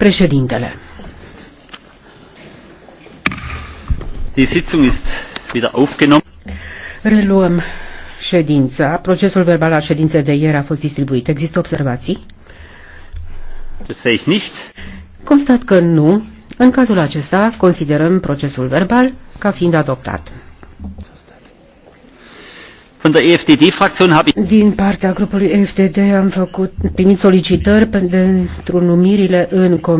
Președintele. Reluăm ședința. Procesul verbal al ședinței de ieri a fost distribuit. Există observații? Constat că nu. În cazul acesta, considerăm procesul verbal ca fiind adoptat. Din partea grupului FDD am făcut, primit solicitări pentru numirile în comisie.